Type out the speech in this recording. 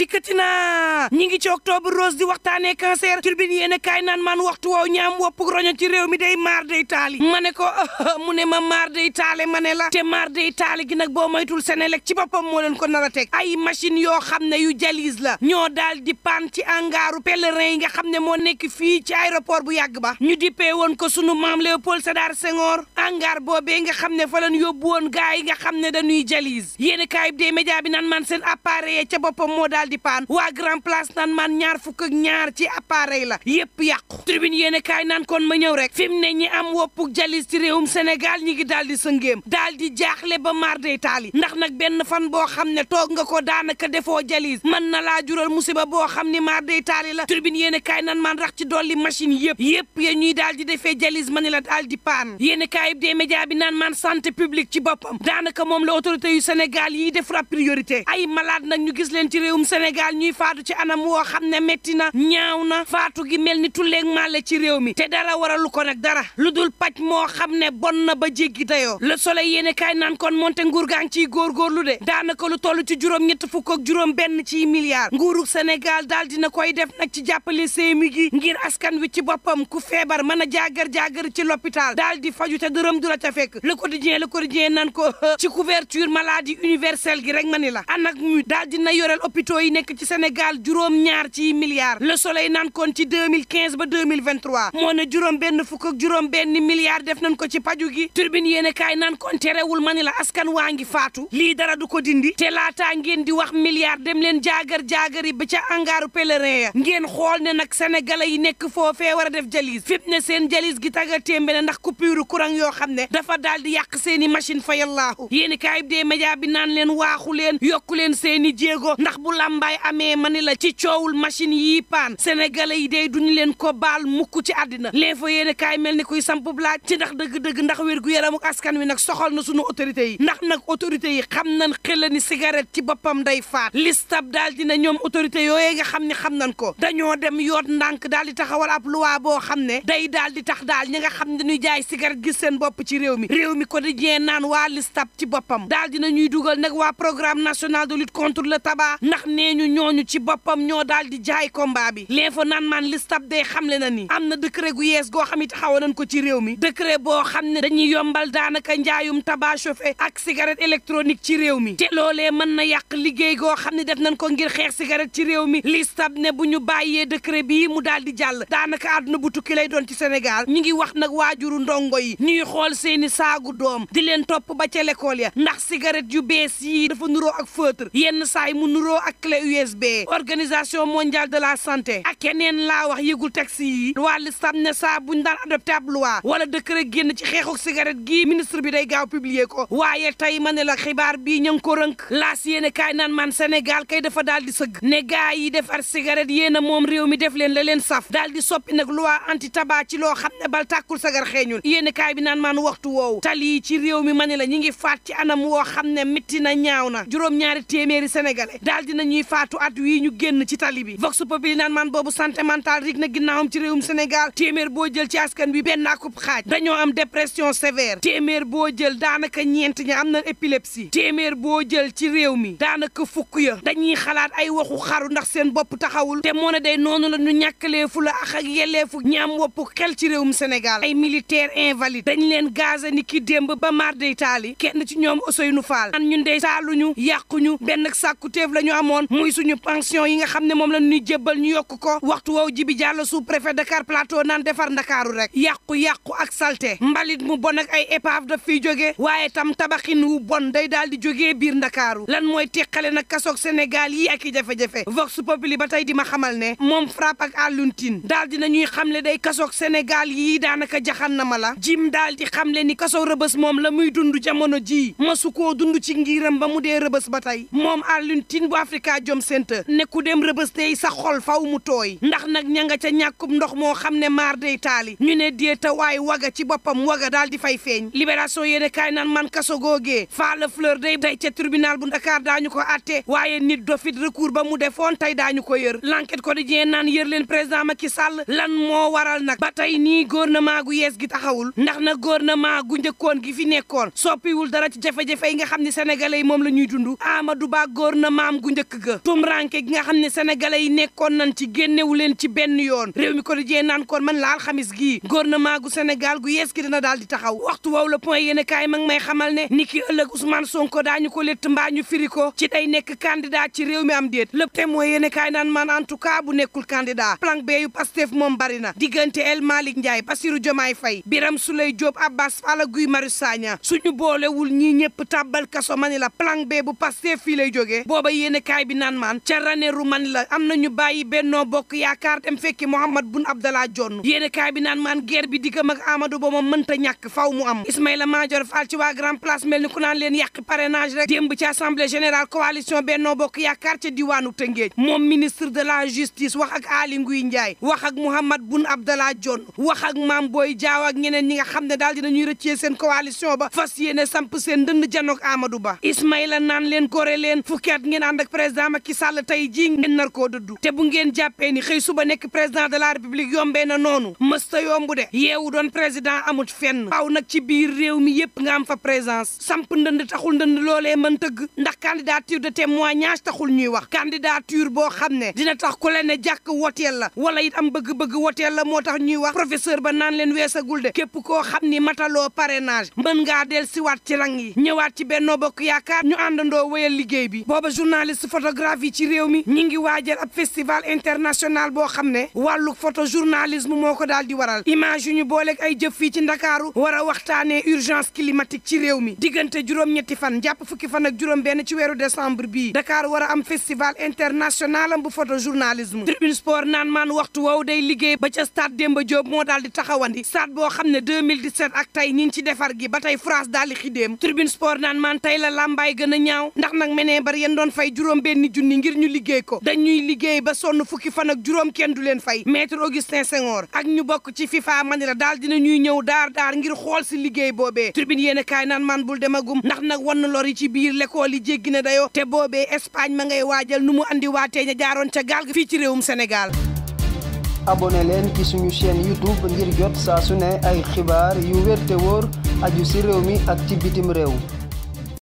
dikkati na ñi ngi ci octobre rose di waxtaanee cancer turbine yéen a kaay naan man waxtu woow ñaam wopp roño ci réew mi day maar day taali ma ne ko ah, ah, mu ne ma maar day taale ma ne la te maar day taali gi nag boo moytul Senelec ci boppam moo leen ko nar a teg ay machine yoo xam ne yu jalis la ñoo daal di pan ci angaaru pèlerin yi nga xam ne moo nekk fii ci aéroport bu yàgg ba ñu dippee woon ko sunu maam Léopold Sédar Senghor angaar boo nga xam ne fa lañ yóbbu woon gars yi nga xam ne dañuy jalis yéen a kaay média bi naan man seen appareil ca boppam moo daal di paan waa place naan man ñaar fukk ñaar ci appareil la yépp yàqu tribune yéene kaay naan kon ma ñëw rek fi ne ñi am woppuk jalis ci réewum Sénégal ñi ngi daal di sëngéem daal di jaaxle ba maar day taali ndax nag benn fan boo xam ne toog nga ko daanaka defoo jalis man na laa jural musiba boo xam ne maar day taali la tribune yéene kaay naan man rax ci dolli machine yépp yépp ya ñuy daal di defee jalis ma ni la daal di paan yéene kaay des médias bi naan man santé publique ci boppam daanaka moom la autorité yu Sénégal yi def la priorité ay malade nag ñu gis leen ci réewum Sénégal Sénégal ñuy faatu ci anam woo xam ne métti na ñaaw na faatu gi mel ni tulleeg màlle ci réew mi te dara waral ko nag dara lu dul paj moo xam ne bon na ba jéggi dayoo le soleil yéene kaay naan kon monte nguur gaa ngi ciy lu de daanaka lu toll ci juróom-ñett fukk ak juróom benn ci milliards nguuru Sénégal daal dina koy def nag ci jàppale seemi gi ngir askan wi ci boppam ku feebar mën a jaagar-jaagar ci l'hôpital daal di faju ca dërëm du la ca fekk le quotidien le quotidien nan ko ci couverture maladie universelle gi rek ma ni la hôpitaux yi nekk ci Sénégal juróom-ñaar ci milliards le soleil naan kon ci 2015 ba 2023 moo juróom benn fukk juróom benn milliards def nañ ko ci paju gi turbine yéen kaay naan kon terewul ma ni la askan waa ngi faatu lii dara du ko dindi te laataa ngeen di wax milliards dem leen jaagar jaagar yi ba ca angaaru pèlerin ya ngeen xool ne nag sénégalais yi nekk foofee war a def jalis fépp seen jalis gi taga téembe ndax coupure courant yoo xam ne dafa daal di yàq seeni i machine fayallaahu yéen kaay bi dee média bi naan leen waaxu leen yokku leen seen jéego làmbaay amee ma ni la ci coowul machine yii paan sénégalais yi dey duñu leen ko baal mukk ci àddina l'info yéene kaay mel ni kuy sampub laaj ci ndax dëgg-dëgg ndax wér gu yaramu askan wi nag soxal na sunu autorités yi ndax nag autorités yi xam nañ xel ni cigarette ci boppam day faat listab daal dina ñoom autorité yooyee nga xam ni xam nañ ko dañoo dem yoot ndànk daal di taxawal ab luwaa boo xam ne day daal di tax daal ñi nga xam ne nu jaay cigarette gis seen bopp ci réew mi réew mi quotidien naan waa listab ci boppam daal dina ñuy dugal nag waa nee ñu ñooñu ci boppam ñoo daal di jaay combat bi l'info naan maan listab day xamle na ni am na décret gu yees goo xam it xawoon nañ ko ci réew mi décret boo xam ne dañuy yombal daanaka njaayum tabac chauffé ak cigarette électronique ci réew mi te loolee mën na yàq liggéey goo xam ne def nañ ko ngir xeex cigarette ci réew mi listab ne bu ñu bàyyee décret bi mu daal di jàll daanaka àdduna bu tukki lay doon ci Sénégal ñu ngi wax nag waajuru ndongo yi ñuy xool seeni saagu doom di leen topp ba ca l'école ya ndax cigarette yu bees yii dafa nuroo ak feutre yenn saay clé USB organisation mondiale la santé ak keneen laa wax yëgul taxi yi waa listam ne saa buñ daan adopté ab loi wala décret génn ci xeexuk cigarette gii ministre bi day gaaw publier ko waaye tey ma ne la xibaar bii ña ngi ko rënk laas yéene kaay naan man senegal kay dafa daal di sëgg ne gaa yi defar cigarette yéen moom réew mi def leen la leen saf daal di soppi nag loi anti tabac ci loo xam ne bal tàkkul sagar xeeñul yenn kaay bi naan maan waxtu woowu tali ci réew mi ma ne la ñi ngi faat ci anam woo xam ne métti na ñaaw na juróom-ñaari téeméeri sénégalais ñuy faatu at wii ñu génn ci tali bi vox populi naan man boobu santé mentale rik na ginnaaw ci réewum Sénégal téeméer boo jël ci askan bi benn akub xaaj dañoo am dépression sever téeméer boo jël daanaka ñeent ña am na épilepsie téeméer boo jël ci réew mi daanaka fukk ya dañuy xalaat ay waxu xaru ndax seen bopp taxawul te moo ne day noonu la ñu ñàkkaleefu la ak ak yelleefu ñaam woppu xel ci réew réewum Sénégal ay militaire invalide dañu leen gaza ni ki démb ba mar day kenn ci ñoom Ousseynou Fall an ñun dey saaluñu yàquñu benn sàkku téef la ñu amoon muy suñu pension yi nga xam ne moom la nuy jébbal ñu yokk ko waxtu woow Jibi Jàllo su préfet Dakar Plateau naan defar ndakaaru rek yàqu-yàqu ak salte mbalit mu bon ak ay épave de fi jógee waaye tam tabaxin wu bon day daal di jógee biir ndakaaru lan mooy teqale nag kasoog Sénégal yi ak i jafe-jafe Vox Populi ba tey di ma xamal ne moom frapp ak àlluntin daal di nañuy xamle day kasoog Sénégal yi daanaka jaxannama la jim daal di xamle ni kasoog rëbës moom la muy dund jamono ji masu koo dund ci ngiram ba mu dee rëbës ba tey moom àlluntin Jom Center nekku ku dem rëbës tey sa xol faw mu tooy ndax nag ña nga ca ñàkkub ndox moo xam ne maar day taali ñu ne déeta waay waga ci boppam waga daal di fay feeñ libération yéene kaay naan man kaso googee faa la fleur day day ca tribunal bu Dakar daañu ko atte waaye nit dofit recours ba mu defoon tey daañu ko yër l'enquête quotidien naan yër leen président ki sàll lan moo waral nag ba tey nii na maa gu yees gi taxawul ndax na gouvernement gu njëkkoon gi fi nekkoon soppiwul dara ci jafe yi nga xam ne sénégalais yi moom la ñuy dund Amadou Ba gouvernement gu njëkk dëgg tumranke gi nga xam ne sénégalais yi nekkoon nañ ci génnewu leen ci benn yoon réew mi ko dijee naan kon man laal xamis gii gouvernement gu Sénégal gu yees gi dina daal di taxaw waxtu woowu la point yéen kaay mag may xamal ne ni ki ëllëg Ousmane Sonko daañu ko létt mbaa ñu ko ci day nekk candidat ci réew am déet lépp te mooy yéen kaay naan man en tout cas bu nekkul candidat plan B yu Pastef moom bari na diggante El Malick Ndiaye Bassirou Diomaye Faye Birame Souleye Diop Abbas Fall Guy Marius Sagna suñu boolewul ñii ñëpp tàbbal kaso ma ni la fii lay jógee bi naan maan ca raneeru man la am na ñu bàyyi bennoo bokk yaakaar dem fekki Mouhamed Boun Abdallah Dionne yéen kaay bi naan maan guerre bi diggam ak Amadou Ba mënta ñàkk faw mu am Ismaïla Madior ci waa Grand Place mel ni ku naan leen yàq parrainage rek démb ci assemblée générale coalition bennoo bokk yaakaar ca diwaanu Tëngéej moom ministre de la justice wax ak Aly Ngouille Ndiaye wax ak Abdallah Dionne wax ak Mame Boye Diao ak ñeneen ne daal dinañuy rëccee seen coalition ba fas yéene seen Ba Ismaïla naan leen gore leen fukki at président Macky Sall tey jii ngeen nar koo dëddu te bu ngeen jàppee ni xëy suba nekk président de la république yombee na noonu mësta yombu de yeewu doon président amut fenn waaw nag ci biir réew mi yépp nga am fa présence samp ndënd taxul ndënd loole mën tëgg ndax candidature de témoignage taxul ñuy wax candidature boo xam ne dina tax ku leen ne jàkk woteel la wala it am bëgg-bëgg woteel la moo tax ñuy wax professeur ba naan leen weesagul de képp koo xam ni mataloo parrainage mën ngaa del siwaat ci rang yi ñëwaat ci bennoo bokk yaakaar ñu àndandoo liggéey bi photographie ci réew mi ñi ngi waajal ab festival international boo xam ne wàllu photojournalisme moo ko daal di waral image yu ñu booleeg ay jëf fii ci ndakaaru war a waxtaanee urgence climatique ci réew mi diggante juróom-ñetti fan jàpp fukki fan ak juróom-benn ci weeru décembre bii Dakar war a am festival international am bu photojournalisme tribune sport naan maan waxtu woowu day liggéey ba ca stade Demba Diop moo daal taxawandi stade boo xam ne 2017 ak tey ñi ngi ci defar gi ba tey France daal di xidéem tribune sport naan maan tey la a ñaaw ndax fay juróom benn benn junni ngir ñu liggéey ko dañuy liggéey ba sonn fukki fan ak juróom kenn du leen fay maître Augustin Senghor ak ñu bokk ci FIFA ma ne la daal dina ñuy ñëw daar daar ngir xool si liggéey boobee tribune yéen a kaay naan man bul demagum ndax nag wann lor yi ci biir l'école yi jéggi na dayoo te boobe Espagne ma ngay waajal nu mu andi waatee ña jaaroon ca gaal ga fii ci réewum Sénégal abonné leen ci suñu chaîne YouTube ngir jot saa su ne ay xibaar yu te wóor aju si réew mi ak ci bitim réew